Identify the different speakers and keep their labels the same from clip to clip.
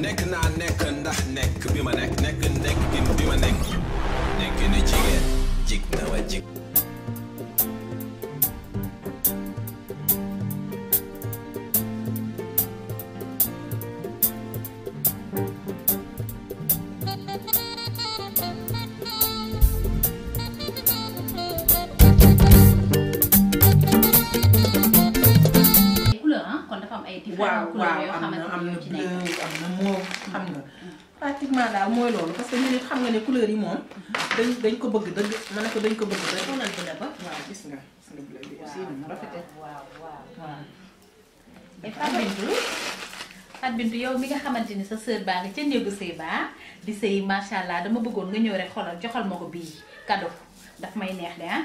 Speaker 1: Neck and I neck and neck, be my neck, neck and neck, be my neck. Neck in a jig, jig now a jig. waaw waaw am na am na bleu na mm-hmm. pratiquement daal mooy loolu parce que ñu xam nga ne couleur yi moom mm-hmm. dañ dañ ko bëgg dëgg ma ne ko dañ ko bëgg dëgg xoolante na ba waaw gis nga
Speaker 2: gis nga bi yow mi nga xamante ni sa sœur baa nga ca néegu sëy baa di sëy macha allah dama bëggoon nga ñëw rek xoolal joxal
Speaker 1: ma ko bii cadeau daf may neex de ah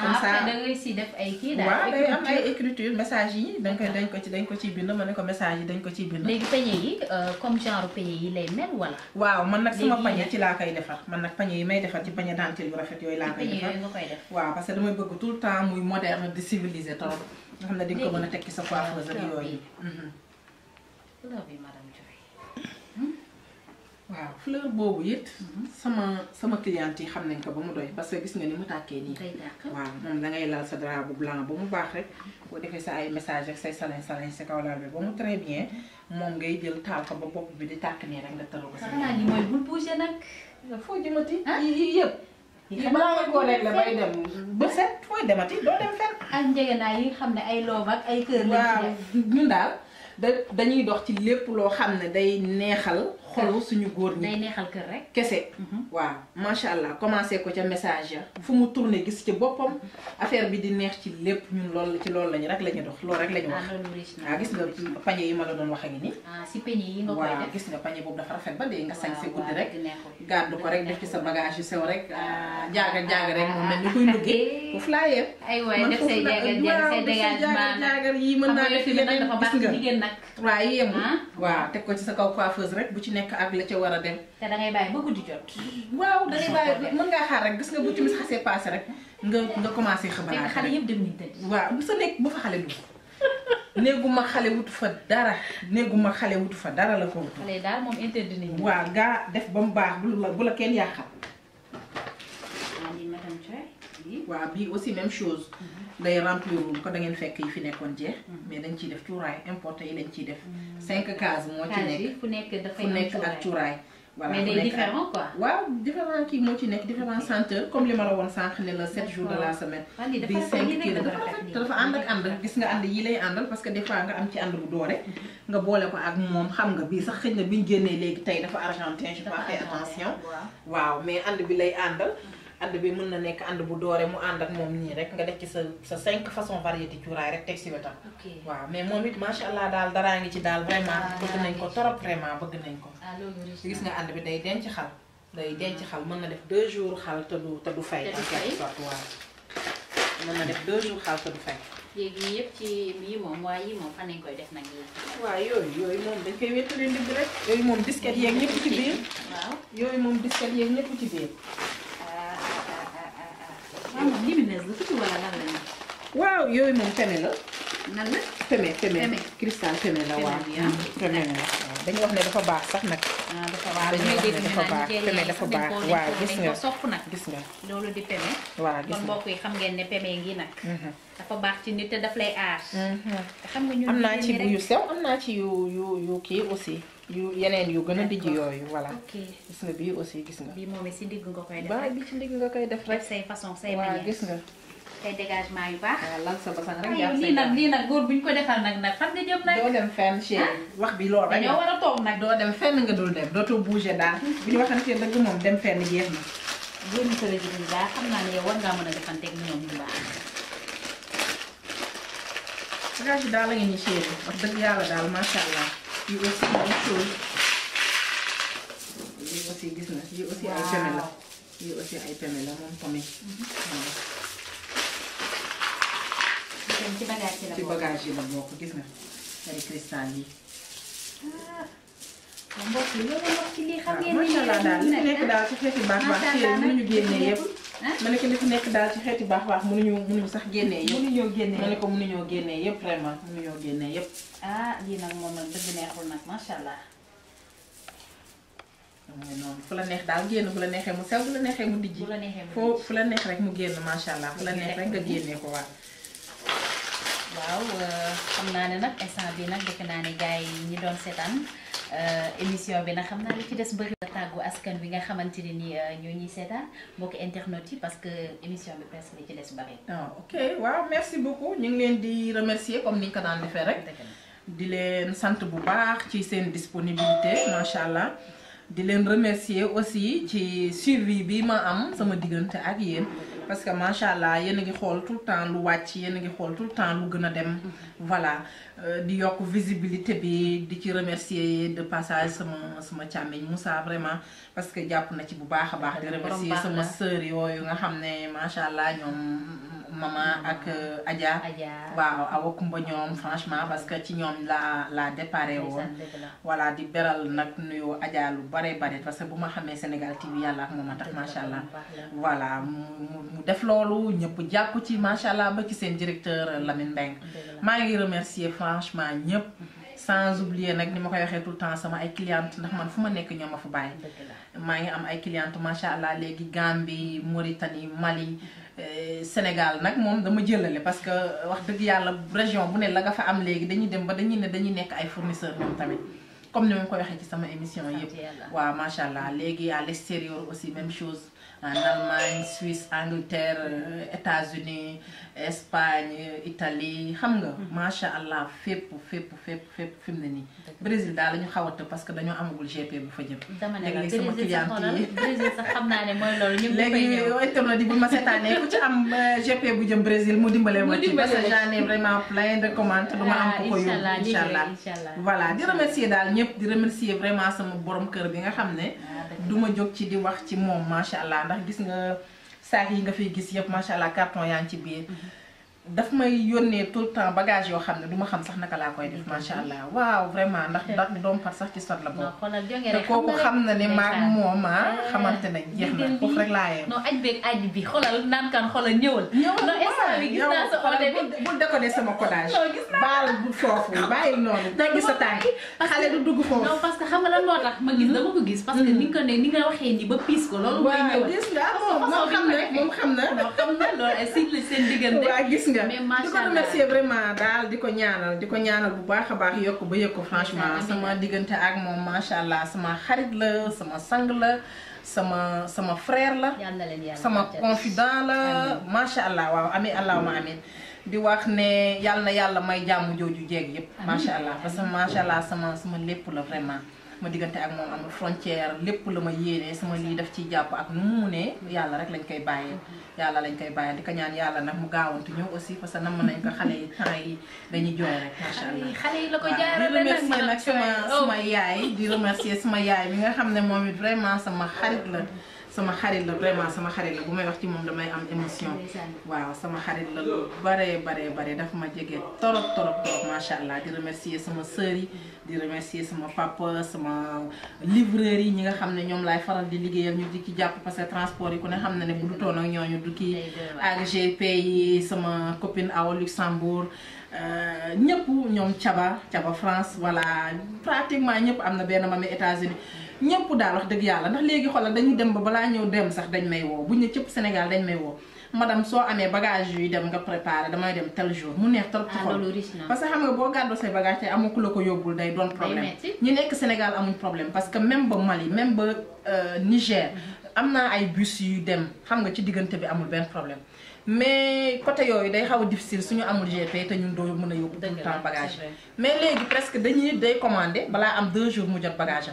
Speaker 1: comme ah, ça
Speaker 2: si def ay kii daal. waaw
Speaker 1: message yi dañ ko dañ ko ci dañ ko ciy bind ma ne ko message yi dañ ko ciy bind. léegi pañe yi euh, comme genre pañe yi lay waaw man nag sama pañe ci laa koy defar man nag pañe yi may defar ci pañe dentelle bu rafet yooyu laa koy defar waaw parce que damay bëgg tout le temps muy moderne di civilisé trop. nga xam ne di nga ko mën a tekki sa coiffeuse ak yooyu.
Speaker 2: Mhm.
Speaker 1: waaw fleur boobu it. Mhm. sama sama cliente yi xam nañ ko ba mu doy parce que gis nga ni mu tàkkee nii. waaw moom da ngay laal sa drap bu blanc ba mu baax rek. Mhm. boo defee sa ay message rek say salin salin si kaw laal bi ba mu très bien mhm. moom ngay jël taal ko ba bopp bi di tàkk nii rek nga tëral ko. xanaa li mooy bul bougé nag. foo jëmati. Ah? yii yëpp. yi maa ngi ko réglé ba set fooy demati doo dem fenn. xam ne ay loob ak ay kër lañ ci def. daal da dañuy dox ci lépp loo xam ne day neexal xolu suñu góor ñi day neexal kër rek kese. Mhm. waaw macha allah commencé ko ca message ya fu mu tourné gis ci boppam mhm. affaire bi di neex ci lépp ñun loolu ci loolu lañu rek la ñu dox lool rek la ñu wax. waaw ah, ah, gis yi ma la doon waxee nii. ah si pañe yi nga koy ba dee nga sañ si guddi rek. gàddu ko rek def ci sa bagage yu sew rek. Ah, jaaga jaaga rek moom mel ni kuy duggee. bu eh. flyer. aywa def yi mën naa def yeneen gis nga waaw yemul waaw teg ko ci sa kaw coiffeuse rek bu ci nekk nekk ak la ca war a dem. te da ngay bàyyi ba guddi jot. waaw da bàyyi mën ngaa xaar rek gis nga bu timis xasee passé rek nga nga commencé xabaar. fekk xale yëpp dem nañ tëdd. waaw bu sa nekk bu fa xale dugg néeguma xale wutu fa dara néeguma xale wutu fa dara la ko wutu. daal moom interdit nañu. waaw gaa def ba mu baax bu la bu la kenn yàqal. waaw bii aussi même chose day remplir ko da ngeen fekk yi fi nekkoon jeex mm-hmm. mais dañ ci def touray importé yi lañ ci def mm-hmm. cinq cases mo ci nekk fu nekk fay nekk ak touray voilà mais day différent quoi waaw différent qui moo ci nekk différent senteur comme li ma la woon sànq ne la sept jours de la semaine bii cinq kii dafa dafa ànd ak ànd gis nga ànd yi lay àndal parce que des fois nga am ci ànd bu mm-hmm. nga boole ko ak moom xam nga bii sax xëy na biñu génnee légui tay dafa argentin je pas fait attention waaw mais and bi lay andal ànd bi mën na nekk and bu doore mu ànd ak moom nii rek nga def ci sa sa cinq façon variété cuuraay rek teg si wetam. waaw mais moom it macha allah daal daraa ngi ci daal vraiment ah, bëgg nañ ko trop vraiment bëgg nañ ko.
Speaker 2: Ah, gis nga
Speaker 1: and bi day denc xal. day denc xal mën na def deux jours xal te du te du fay. te du fay waaw mën na def deux jours xal te du fay.
Speaker 2: léegi yëpp ci yi moom waaye yi moom fan lañ koy def nag yi.
Speaker 1: waaw yooyu yooyu moom dañ koy wéttali ndig rek. yooyu moom disket yeeg ñëpp ci biir. waaw yooyu moom disket yeeg ñëpp ci biir. tudd wala lan la ñu. waaw yooyu moom peme la. nan ah. mm-hmm. la peme peme. peme waaw. dañu wax ne dafa baax sax nag. dafa baax dañuy dégg dafa baax peme dafa baax waaw gis nga gis nga. loolu di peme. waaw gis nga kon mbokk yi
Speaker 2: xam ngeen ne peme ngi nag. dafa baax ci nit daf lay aar. xam nga am naa ci yu
Speaker 1: sew am naa ci yu yu yu kii aussi. Oh, yu yeneen yu gën a dijj yooyu oh, voilà. gis nga bii aussi gis nga. bii moom si ndigg nga koy def rek
Speaker 2: bi ci ndigg nga koy def rek. say façon say manière gis nga. ay dégagement yu baax. waaw ah, lan sa basan rek jàpp lii nag lii nag góor bu ñu ko defal nag nag fan nga jëm nag. doo dem fenn chéri ah.
Speaker 1: wax bi lool rek. dañoo war a toog nag doo dem fenn nga dul dem dootoo bouger daal. bu ñu waxantee dëgg moom dem fenn jeex na. góor ñu ko la jëlee baax xam naa ne yow war ngaa mën a defanteeg ñoom bu baax. bagage bi daal la ngeen ñu chéri wax dëgg yàlla daal macha allah yi aussi même chose yi aussi gis na yi aussi ay peme la yi aussi ay peme la moom tamit. Mhm. ci bagage yi la bokk ci bagage yi gis nga ay cristal yi. ah mbokk yi loolu
Speaker 2: wax ci lii xam ah, ngeen daal li fi nekk daal ci
Speaker 1: xeeti baax baax ci mënuñu génnee yëpp. Ah? ma ne nekk daal ci xeeti baax baax mënuñu mënuñu sax génnee yëpp. mënuñoo génnee ma ne ñoo mënuñoo génnee yëpp vraiment mënuñoo génnee yëpp.
Speaker 2: ah lii nag moom nag dëgg neexul nag macha allah.
Speaker 1: mooy noonu fu la neex daal génn bu la neexee mu sew bu la neexee mu dijji. la neexee mu dijji foo fu la neex rek mu génn macha allah fu la neex rek nga génnee ko waaw.
Speaker 2: waaw xam naa ne nag instant bi nag defe naa ne gars yi ñi doon seetaan émission bi nag xam naa li ci des bëri la tàggu askan bi nga xamante ne ni ñoo eh, ñuy seetaan mbokk internet yi parce que émission bi presque li ci des bëri. ah
Speaker 1: ok waaw merci beaucoup ñu ngi leen di remercier comme ni ñu ko daan defee rek. di leen sant bu baax ci seen disponibilité macha allah. di leen remercier aussi ci suivi bi ma am sama diggante ak yéen. parce que macha allah yéen a ngi xool tout le temps lu wàcc yéen ngi xool tout le temps lu gën a dem. voilà euh, di yokk visibilité bi di ci remercier de passage sama sama càmmiñ Moussa vraiment parce que jàpp na ci bu baax a baax. di remercier sama sœur yu nga xam ne macha allah ñoom. maman ah. ak euh, Adja waaw à kumba ñoom franchement parce que ci la, la laa déparé woon voilà di beral Nak nuyu Adja lu bare bare parce que vous m'avez Sénégal TV yàlla ak tax voilà mu def loolu ñëpp mais ci macha ba ci directeur Lamin Mbengue maa ngi remercier franchement ñëpp mhm. sans oublier nag ni koy tout le temps sama ay clientes ndax man fu ma nekk ñoo ma fa bàyyi maa ngi am ay clientes Gambie Mauritanie Mali mhm. Eh, Sénégal nak mom dama jëlale parce que euh, wax deug yalla région bu ne la nga fa am légui dañuy dem ba dañuy ne dañuy nekk ay fournisseurs moom tamit comme ni ma ko waxee ci sama émission yépp wa machallah légui à l'extérieur aussi même chose en Allemagne, Suisse, Angleterre, États-Unis, Espagne, Italie, xam nga, hmm. masha Allah, fep fep fep fep fim na ni. Brésil da lañu xawata parce que dañu amagul GP bu fa jëm. Dama ne sama client yi. Brésil sax xam na né moy lolu ñu ngi fay ñëw Légui internet di bu ma sétané ku ci am euh, GP bu jëm Brésil mu dimbalé mo ci parce que j'en ai vraiment plein de commandes dama am ko ko yow inshallah. Voilà, di remercier dal ñëpp di remercier vraiment sama borom kër bi nga xam né ah, duma jog ci di wax ci mom masha Allah gis nga saak yi nga fiy gis yëpp macha allah carton yaa ngi ci biir. Mm-hmm. daf may yónnee tout le temps bagage yoo xam ne du ma xam sax naka laa koy def macha allah waaw vraiment ndax ndax doom par sax ci sot la bokk.
Speaker 2: te kooku xam na ne maag moom
Speaker 1: ah eh, xamante nañ jeex na foofu rek laa yem.
Speaker 2: non aj beeg aj bi xoolal
Speaker 1: naan kan xoolal ñëwal. ñëwal non instant bi gis naa sa ordre bi bul décoder sama collage. baal bu foofu bàyyi noonu. teggi sa tànk xale du dugg foofu. non
Speaker 2: parce que xam nga lan moo tax ma gis hmm? dama ko gis. parce que hmm. ni nga ko ne ni nga waxee ni ba piis ko loolu. mooy ñëwal waaw gis nga moom
Speaker 1: moom xam na moom xam na. nga di ko remercier vraiment daal di ko ñaana di ko ñaanal bu baax a baax yokk ba yokk franchement sama diggante ak moom macha allah sama xarit la sama sang la sama sama frère la sama confident la macha allah waaw amin allahuma amin di wax ne yàlla na yàlla may jàmm jooju jeeg yépp macha allah parce que macha allah sama lépp la vraiment ma diggante ak moom amul frontière lépp la ma yéenee sama lii daf ci jàpp ak nu mu munee yàlla rek lañ koy bàyyi mm-hmm. yàlla lañ koy bàyyee di ko ñaan yàlla nag mu gaawantu ñëw aussi parce que nam nañ ko xale yi temps yi dañuy jooy rek macha allah xale yi la ko jaarale nag di remercier oh. yaay di remercier sama yaay mi nga xam ne moom it vraiment sama xarit la mm-hmm. sama xarit la vraiment sama xarit la bu may wax ci mom damay am émotion waaw sama xarit la lu bare bare bare daf ma jege torop torop torop macha allah di remercier sama sœur yi di remercier sama papa sama livreur yi ñi nga xam ne ñoom faral di liggéeyal ñu di ci japp parce que transport yi ku ne xam ne bu du ton ak ñoñu du ki ak GP yi sama copine à Luxembourg euh, ñëpp ñoom Caba Caba France voilà pratiquement ñëpp am na benn mami États-Unis ñëpp daal wax dëgg yàlla ndax légui xoolal dañuy dem ba bala ñëw dem sax dañ may wo bu ñëpp cëpp Sénégal dañ may wo madame so amé bagage yuy dem nga préparer damay dem tel jour mu neex trop ci ah, parce que xam nga bo gàddoo say bagage te amoo ku la ko day doon problème ñi nek Sénégal amuñ problème parce que même ba Mali même ba euh, Niger mm-hmm. amna ay bus yu dem xam nga ci digënté bi amul ben problème mais côté yooyu day xaw difficile suñu amul GP té ñun doo mëna a yóbbu tout temps bagage mais légui presque dañuy day commander bala am 2 jours mu jot bagage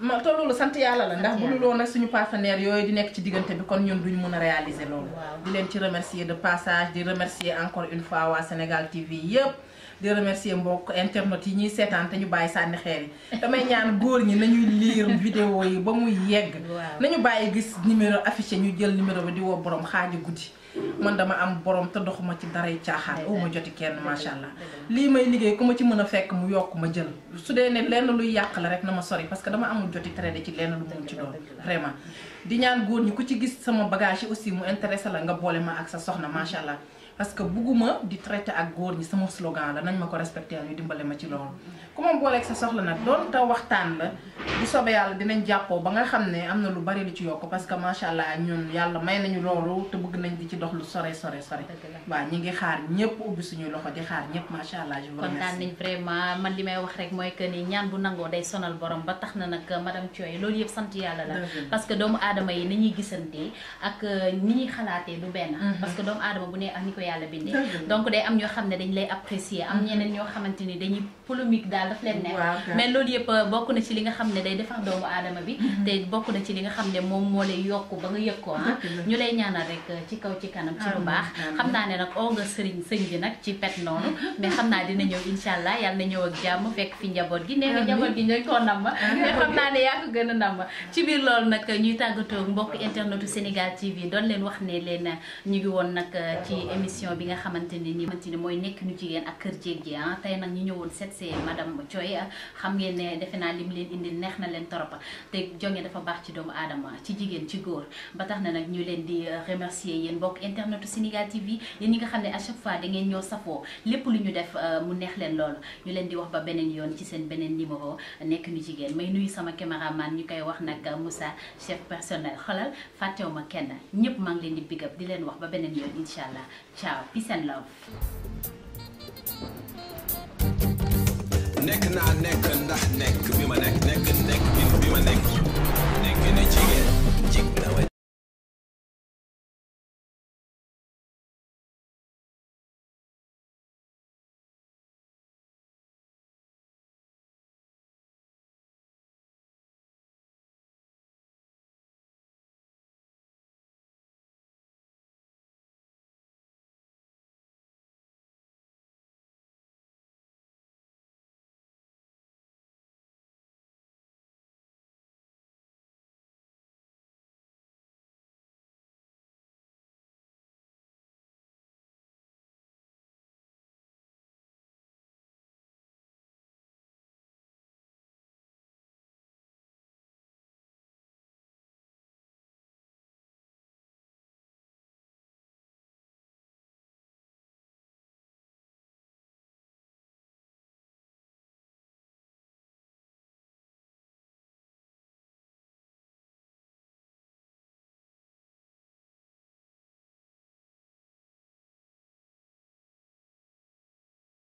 Speaker 1: ma te loolu sant Yalla la ndax bu lo nag suñu partenaire yoy di nekk ci digënté bi kon ñun duñu mëna réaliser loolu di len ci remercier de passage di remercier encore une fois wa Sénégal TV yépp. di remercier mbokk internet yi ñi sétan té ñu bàyyi sànni xeer yi damay ñaan goor ñi nañuy lire vidéo yi ba muy yegg nañu bàyyi gis numéro affiché ñu jël numéro bi di wo borom xaaju guddi man dama am borom te doxuma ci daray caaxaan o ma joti kenn ini allah lii may liggey kuma ci meuna fekk mu yok ma jël su ne len luy yak la rek nama sori parce que dama amul joti trade ci len lu mu ci doon vraiment di ñaan goor ñi ku ci gis sama bagage aussi mu intéressé la nga bolé ma ak sa soxna macha allah parce que buguma di traiter ak goor ñi sama slogan la nañ ma ko respecté ñu dimbalé ma ci lool kuma ma ak sa soxla nak doon ta waxtaan la bu sobe yalla dinañ jappo ba nga xamné amna lu bari lu ci yok parce que macha allah ñun yalla may nañu lolu te bëgg nañ di ci dox lu sore sore sore waaw kontaan nañ vraiment man li may wax rek mooy que ni ñaan bu nangoo day sonal
Speaker 2: borom ba tax na nag euh, madame Thioye loolu yëpp sant yàlla la parce que doomu aadama yi ni ñuy gisantee ak euh, ni ñuy xalaatee du benn mm-hmm. parce que doomu aadama bu ne ak ni ko yàlla bindee donc day am ñoo xam ne dañ lay apprécier am mm-hmm. ñeneen ñoo xamante dañuy polémique daal daf leen neex mais loolu yëpp euh, bokk na ci li nga xam ne day defar doomu aadama bi mm-hmm. te bokk na ci li nga xam ne moom moo lay yokk ba nga yëg ko ah. ñu lay ñaanal rek ci kaw ci ci kanam ci lu baax xam naa ne nag oo nga sëriñ sëñ bi nag ci pet noonu mais xam naa dina ñëw insha allah yal na ñëw ak jàmm fekk fi njaboot gi nee nga njaboot gi ne yaa a nam ma ci biir loolu bi nga xamante ne ni xamante ne mooy nekk ñu jigéen ak kër jéeg ji ah tey nag ñu ñëwoon seet see madame Thioye xam ngeen defe naa lim leen indil neex na leen torop te jonge dafa baax ci doomu aadama ci jigéen ci góor ba tax na nag ñu leen di remercier yéen mbokk mbokk internetu Sénégal TV yéen ñi nga xam ne a chaque fois da ngeen ñoo safoo lépp lu ñu def euh, mu neex leen loolu ñu leen di wax ba beneen yoon ci seen beneen numéro nekk ñu jigéen may nuyu sama caméraman ñu koy wax nag Moussa chef personnel xolal ma kenn ñëpp maa ngi leen di big di leen wax ba beneen yoon incha allah ciao peace and love.
Speaker 1: nekk naa nekk ndax nekk.